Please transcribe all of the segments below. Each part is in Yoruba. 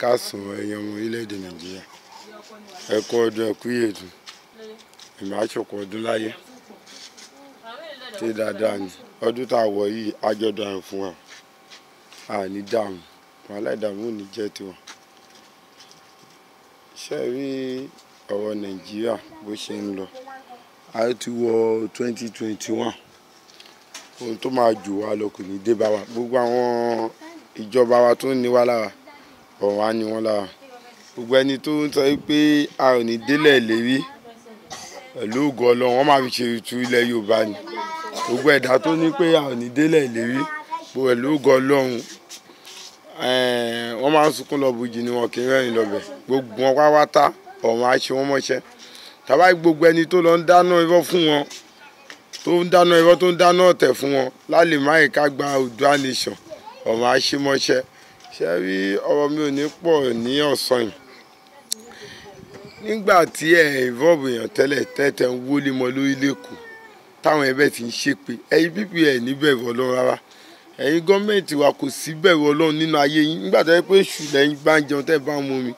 káàsán ẹ̀yin ọmọ orílẹ̀-èdè nàìjíríà ẹ kú ọdún ẹ kú ìyèdùn èmi àṣọkọ ọdún láyé ṣé dáadáa ni ọdún tá a wọ̀ yìí àjọdún àrùn fún wa àní dààmú wọn aláìdààmú ò ní jẹ́ tiwọn ṣe rí ọ̀rọ̀ nàìjíríà bó ṣe ń lọ a ti wọ twenty twenty one ohun tó máa jù wá lọ kò ní dé bá wa gbogbo àwọn ìjọba wa tó ń ní wá lára ọ̀run á ní wọn lára gbogbo ẹni tó ń sọ pé a ò ní délẹ̀ lérí pẹ̀lú ògùn ọlọ́run wọ́n máa fi ṣe ètò ilẹ̀ yorùbá ni gbogbo ẹ̀dá tó ní pé a ò ní délẹ̀ lérí pẹ̀lú ògùn ọlọ́run wọ́n máa ń sunkún lọ bùjì ni wọn kì í rẹ́rìn lọ́bẹ̀ gbogbo wọn pátá ọ̀run á ṣe wọ́n mọ́ṣẹ́ tàbá gbogbo ẹni tó lọ ń dáná irọ́ fún wọn tó ń dáná irọ́ tó ń dáná ọ̀tẹ̀ fún wọn lálẹ́ máyìíká gba Oòduà nation ọ̀run á ṣe mọ́ṣẹ́ ṣe rí ọ̀rọ̀ mi ò ní pọ̀ ní ọ̀sán yìí nígbà tí ẹ involve èèyàn tẹ́lẹ̀ tẹ́tẹ̀ ń wọlé mọ lórí lẹ́kọ̀ọ́ táwọn ẹbẹ̀ ti ń ṣépè ẹ̀yin pípì ẹ̀ níbẹ̀rù ọlọ́run rárá ẹ̀yin gọ́ọ̀mẹ̀ntì wa kò sí bẹ̀rù ọlọ́run nínú ayé yín nígbà tó yẹ pé èṣù lẹ́yìn bá ń jẹun tẹ́ bá ń mu mi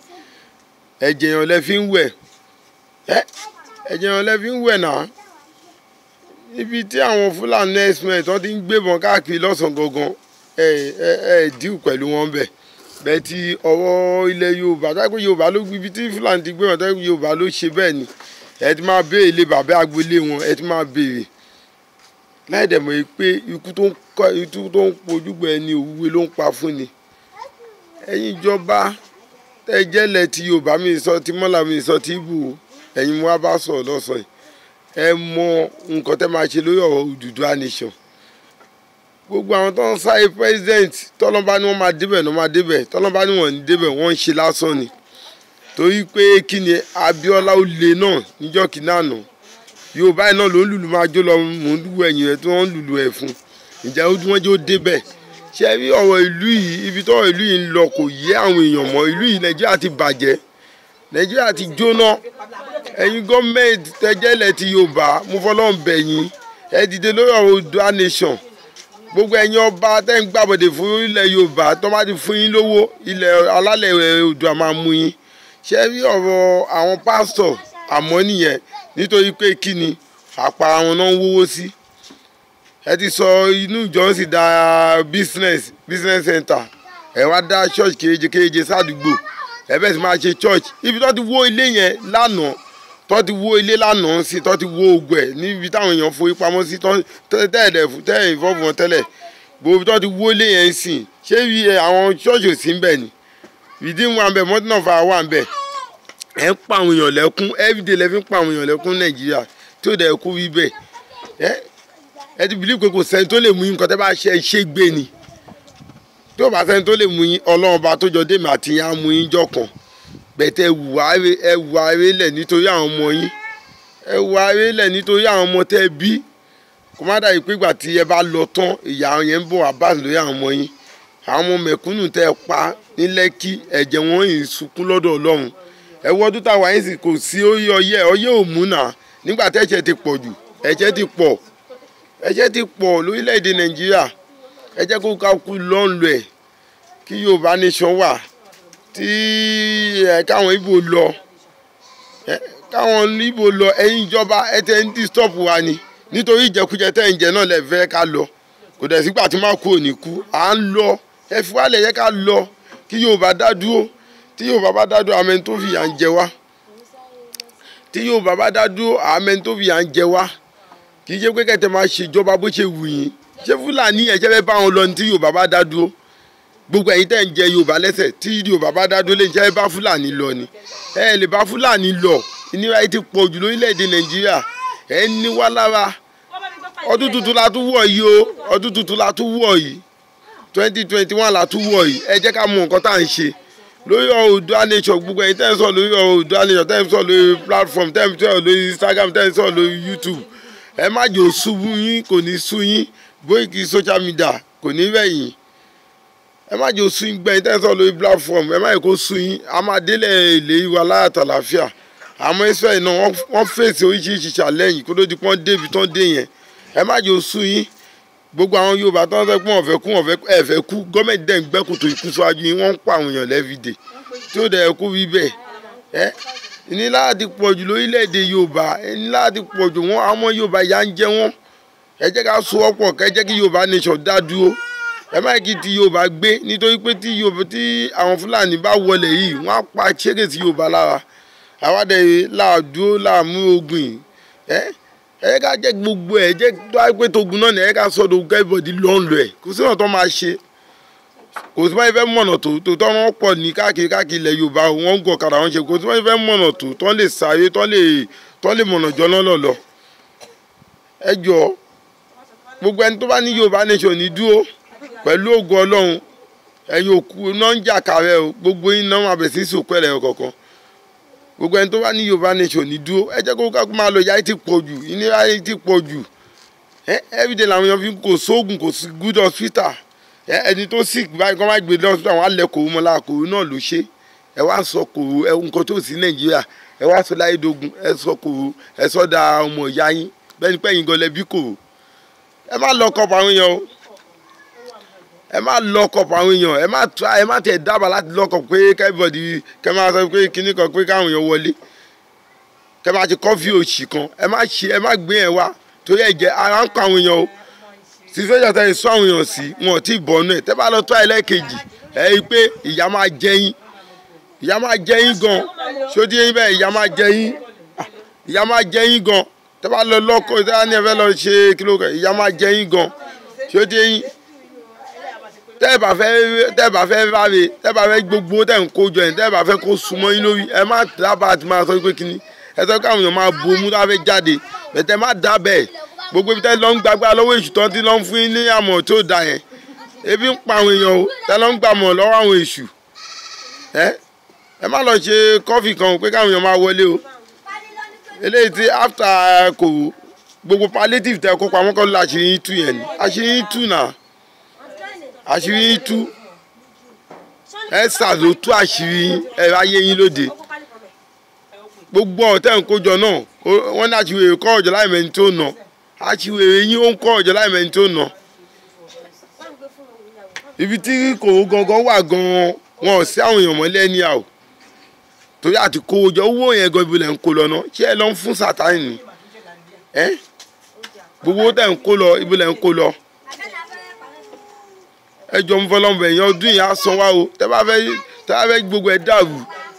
ẹ̀jẹ̀ yẹn lẹ fi ń wẹ̀ ẹ̀jẹ̀ yẹn lẹ fi ń wẹ̀ náà ibi tí àwọn fúlàní ẹ̀sìn ẹ̀ tán ti ń gbébọn káàkiri lọ́sàn gangan ẹ ẹ díù pẹ̀lú wọn bẹ̀ bẹ́ẹ̀ ti ọwọ́ ilẹ̀ yorùbá dápẹ́ yorùbá ló ibi tí fúlàní ti gbé wọn dápẹ́ yorùbá ló ṣe bẹ́ẹ̀ ni ẹ ti máa béèrè ilé bàbá agboolé wọn ẹ ti máa béèrè láì dẹ̀ mọ̀ pé ikú tó ń kọ́ ikú tó ń pojúgbọ̀ ẹni òwúwe ló ń pa fún ni ẹ̀yin ìjọba tẹ́ jẹ́lẹ̀ ti yorùbá mi sọ ti mọ́là mi sọ ti ibù ẹ̀yin mo wá bá sọ̀rọ̀ lọ́sọ̀ọ́ ẹ mọ nǹkan tẹ́ máa ṣe lórí ọ̀rọ̀ Odùduwà nation gbogbo àwọn tó ń sáré president tọ́lọ́mbá ni wọ́n máa débẹ̀ ni wọ́n máa débẹ̀ tọ́lọ́mbá ni wọ́n ń débẹ̀ wọ́n ń ṣe lásán ni torí pé kí ni Abíọ́lá olè náà níjọ́ kìnnà nà Yorùbá yìí náà ló ń lùlù máa jó lọ mò ń lù ẹ̀yìn rẹ̀ tí wọ́n ń lùlù ẹ̀ fún ìjà ojú wọn jó débẹ̀ ṣé rí ọ̀rọ̀ ìlú yìí ibi tọ́rọ̀ ìlú yìí ń lọ kò yé àwọn èèyàn mọ́ ìlú yìí Nàìjíríà ti bàjẹ́ Nàìjíríà ti jóná ẹ̀yin gọ́ọ̀mẹ̀ntì tẹ́jẹ́lẹ̀ ti Yorùbá mo fọlọ́ọ̀ bẹ̀yìn ẹ dìde lórí ọ̀rọ̀ Oòduà nation gbogbo ẹ̀yin ọba tẹ́ ń gbàbọ̀dẹ̀ fún ilẹ̀ yorùbá tó bá ti fún yín lówó ilẹ̀ alálẹ̀ oòdùà máa mú yín ṣé rí ọ̀rọ̀ àwọn pásítọ̀ àmọ́ nìyẹn nítorí pé kí ni àpá àwọn náà ń wówó sí ẹ ti sọ inú ìjọ sì da business business center ẹ wá dá church kéréje kéréje sádùúgbò ẹ bẹ́ẹ̀ sì máa ṣe church ibi tó ti wó ilé yẹn lánàá tó ti wó ilé lánàá sí tó ti wó ogun ẹ̀ níbi táwọn èèyàn forí pamọ́ sí tẹ́ẹ̀dẹ̀ tẹ́ẹ̀ ìfọ́fù wọn tẹ́lẹ̀ gbogbo tó ti wó ilé yẹn sìn ṣé àwọn ṣọ́ọ̀ṣì ò sí ń bẹ̀ ni ìdí wa ń bẹ̀ mọ́tínà fa wà ń bẹ̀ ẹ̀ ń pa àwọn èèyàn lẹ́kún everyday lẹ́ fi ń pa àwọn èèyàn lẹ́kún nàìjíríà tí ò dẹ̀ kú wíbẹ̀ ẹ́ ẹ ti bìlí pé kò sẹ́ni tó lè mú yín nǹkan tẹ́ bá ṣe é ṣe gbé ni tó bá sẹ́ni tó lè mú yín ọlọ́run bá tó jọ dèmi àti yín á mú yín jọ kàn bẹ̀tẹ̀ ẹ wùwà rẹ lẹ̀ nítorí àwọn ọmọ yín ẹ wùwà rẹ lẹ̀ nítorí àwọn ọmọ tẹ́ ẹ bí kò má dàbí pé ìgbà tí ẹ bá lọ tán ìyá yẹn ń bọ̀ wá bá lórí àwọn ọmọ yín àwọn ọmọ mẹ̀kúnnù tẹ́ ẹ pa ní Lẹ́kí ẹ̀jẹ̀ wọn yìí sunkún lọ́dọ̀ Ọlọ́run ẹ wọ ọdún táwa yín sì kò sí ọyẹ ọyẹ òmùnà nígbà tẹ́ ẹ̀jẹ̀ ti pọ̀ jù ẹ̀jẹ̀ ti pọ̀ ẹ̀jẹ̀ ti pọ̀ lórílẹ̀‐èdè Nàìjíríà ẹ jẹ́ kó ká kú lọ́nlọ́ ẹ̀ kí Yorùbá nation wà tí eh, káwọn ibo lọ eh, káwọn ibo lọ ẹ̀yin ìjọba ẹ tẹ ń disturb wa ni nítorí ìjẹkújẹ tẹ ń jẹ náà lẹ fẹ́ ká lọ kò dẹ̀ sígbà tí máa kú òní kú à ń lọ ẹ fi wálẹ̀ yẹ ká lọ kí Yorùbá dá dúró tí Yorùbá bá dá dúró àmẹ́ni tó fìyà ń jẹ wá tí Yorùbá bá dá dúró àmẹ́ni tó fìyà ń jẹ wá kì í ṣe pé kẹ́tẹ́ máa ṣèjọba bó ṣe wù yín ṣé Fúlàní ẹ̀ṣẹ́ fẹ́ bá wọn lọ ní tí Yorùbá bá dá dúró gbogbo ẹ̀yin tẹ́ ń jẹ yorùbá lẹ́sẹ̀ tí yorùbá bá dá dúró lè jẹ́ bá fúlàní lọ ni ẹ lè bá fúlàní lọ ìnira yìí ti pọ̀ jù lórílẹ̀‐èdè nàìjíríà ẹ ní wá lára ọdún tuntun la tún wọ̀ yìí o ọdún tuntun la tún wọ̀ yìí twenty twenty one la tún wọ̀ yìí ẹ jẹ́ ká mọ nǹkan tá à ń ṣe lórí Oòduà nation gbogbo ẹ̀yin tẹ́ ń sọ lórí Oòduà nation tẹ́ ń sọ lórí platform tẹ́ ń sọ lórí instagram tẹ́ ń sọ lórí youtube ẹ má jò ṣubú yín kò ní sú yín bóyìí kì í social media kò ní rẹ̀yìn ẹ má jẹ́ osun gbẹ̀yìn tẹ́sán lórí platform ẹ má yẹ kó sun yín a máa délẹ̀ ilé wa láyàtọ̀ àlàáfíà àmọ́ ẹ̀sọ́ yìí náà wọ́n fèsì oríṣiríṣi challenge kó ló di pọ́n débi tán dé yẹn ẹ má jẹ́ osun yín gbogbo àwọn Yorùbá tán fẹ́ kún ọ̀fẹ́ kún ọ̀fẹ́ kú gọ́ọ̀mẹ̀ntì dẹ̀ ń gbẹ́kùtò ikú síwájú yín wọ́n ń pa àwọn èèyàn lẹ́fìdè tí ó dẹ̀ kú wí bẹ́ẹ̀ ẹ́ ní láti pọ̀jù lórílẹ̀‐èdè Yorùbá ní láti pọ̀jù wọn àwọn Yorùbá yà ń jẹ wọn ẹ jẹ́ ká so ọ̀pọ̀ kẹ́ jẹ́ kí Yorùbá nation dá dúró ẹ má kí ti yorùbá gbé nítorí pé tí yorùbá tí àwọn fúlàní bá wọlé yìí wọ́n á pa ṣẹ́gẹ̀ sí yorùbá lára àwádẹ làdúró làmú ogun yìí ẹ ẹ ká jẹ́ gbogbo ẹ jẹ́ tó á pé togun náà ni ẹ ká sọdọ gẹbọdì lọnlọ ẹ kò sí ọ̀nà tó máa ṣe kò sí báyìí fẹ́ mọ̀nà tó tó tọ́ wọn pọ̀ ní káàkiri káàkiri ilẹ̀ yorùbá wọn ń gọ̀ kàrà wọn ṣe kò sí báyìí fẹ́ mọ̀nà tó tọ́ lè sáré tọ́ lè tọ́ lè mọ̀nà jọ lọ́lọ́ ẹ jọ gbogbo ẹni tó bá ní yorùbá nation ní dúró pẹ̀lú ògùn ọlọ́run ẹ̀yin òkú iná ń jà kàrẹ́ o gbogbo iná wọn àbẹ̀sí sòkú ẹ̀rẹ̀ kọ̀ọ̀kan gbogbo ẹni tó wà ní Yorùbá nation ní dúró ẹ jẹ́ kó kó máa lọ ìyà yìí ti pọ̀ jù ìnira yìí ti pọ̀ jù everyday làwọn èèyàn fi kò sóògùn kò sí good hospital ẹni tó sick báyìí kó má gbé lọ hospital wọn á kòwó mọ́lá kòwó náà ló ṣe ẹ wá sọ kòwó ẹ nǹkan tó sí Nàìjíríà ẹ wá sọ láyédógún ẹ sọ kòwó ẹ sọ da ọmọ ìyá yín bẹ́ẹ̀ ni pẹ́yìn gan lẹ kòwó ẹ má lọ kọ́ pa àwọn èèyàn o ẹ má lock up àwọn èèyàn ẹ má try ẹ má tẹ̀ dábàá láti lock up pé kẹ́bọ̀dì kẹ́ máa sọ pé kíní kan pé káwọn èèyàn wọlé kẹ́ máa ti kọ́fí òṣì kan ẹ má ṣe ẹ má gbé yẹn wá torí ẹ̀jẹ̀ ara ń kọ àwọn èèyàn o situation tẹ̀ ń sọ àwọn èèyàn sí wọn ò tí ì bọ̀nú ẹ̀ tẹ́ bá lọ try ẹlẹ́ẹ̀kejì ẹ̀ rí i pé ìyá máa jẹ yín ìyá máa jẹ yín gan ṣó ti yín bẹ́ẹ̀ ìyá máa jẹ yín ah, ìyá máa jẹ yín gan tẹ́ bá lọ lọ́kọ̀ tẹ́ bá ní ẹ fẹ́ lọ ṣe kí ló kẹ́ ìyá máa jẹ yín gan ṣó ti yín tẹ́ ẹ bá fẹ́ tẹ́ ẹ bá fẹ́ báre tẹ́ ẹ bá fẹ́ gbogbo tẹ́ ẹ ń kó jọ yẹn tẹ́ ẹ bá fẹ́ kó súnmọ́ yín lórí ẹ má dábàá àti máa sọ pé kíní ẹ sọ pé àwọn èèyàn máa bomú tá a fẹ́ jáde bẹ̀tẹ̀ má dábẹ̀ gbogbo ibi tẹ́ lọ ń gbàgbá lọ́wọ́ èṣù tán tí lọ́ ń fún yín ní àmọ̀ tó da yẹn ebi ń pa àwọn èèyàn o tẹ́ lọ́ ń gbàmọ̀ lọ́wọ́ àwọn èṣù ẹ ẹ má lọ ṣe kọ́fì kan pé káwọn èèyàn máa wọlé o eléyìí tí after kò gbogbo palliative tẹ kó pamọ́ kọ́ lọ àṣírí yín tú ẹ̀sà ló tú àṣírí yín ẹ̀rọ ayé yín lóde gbogbo ọ̀tẹ̀ ń kójọ náà wọ́n ní àṣìwèrè kọ́ ọ̀jọ̀ láì mẹ́ni tó nà àṣìwèrè yín ó ń kọ́ ọ̀jọ̀ láì mẹ́ni tó nà ibi tí kòwó gangan wà gan-an wọn ò sí àwọn èèyàn mọ́lẹ́ ní àwò torí àti kówó jọ owó yẹn gan ibi lẹ̀ ń kó lọ náà ṣé ẹ lọ ń fún sátánì ni gbogbo tẹ̀ ń lọ ibi lẹ̀ ń kó lọ ẹ jọ ń fọlọ́mù ẹ̀yìn ọdún yìí á san wá o tẹ́ bá fẹ́ tẹ́ bá fẹ́ gbogbo ẹ̀ dàrú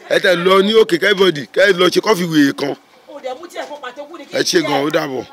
ẹ tẹ̀ lọ ní òkè kẹ́bọ̀dì kẹ́ lọ ṣe kọ́fì wèé kan ẹ ṣe gan ó dàbọ̀.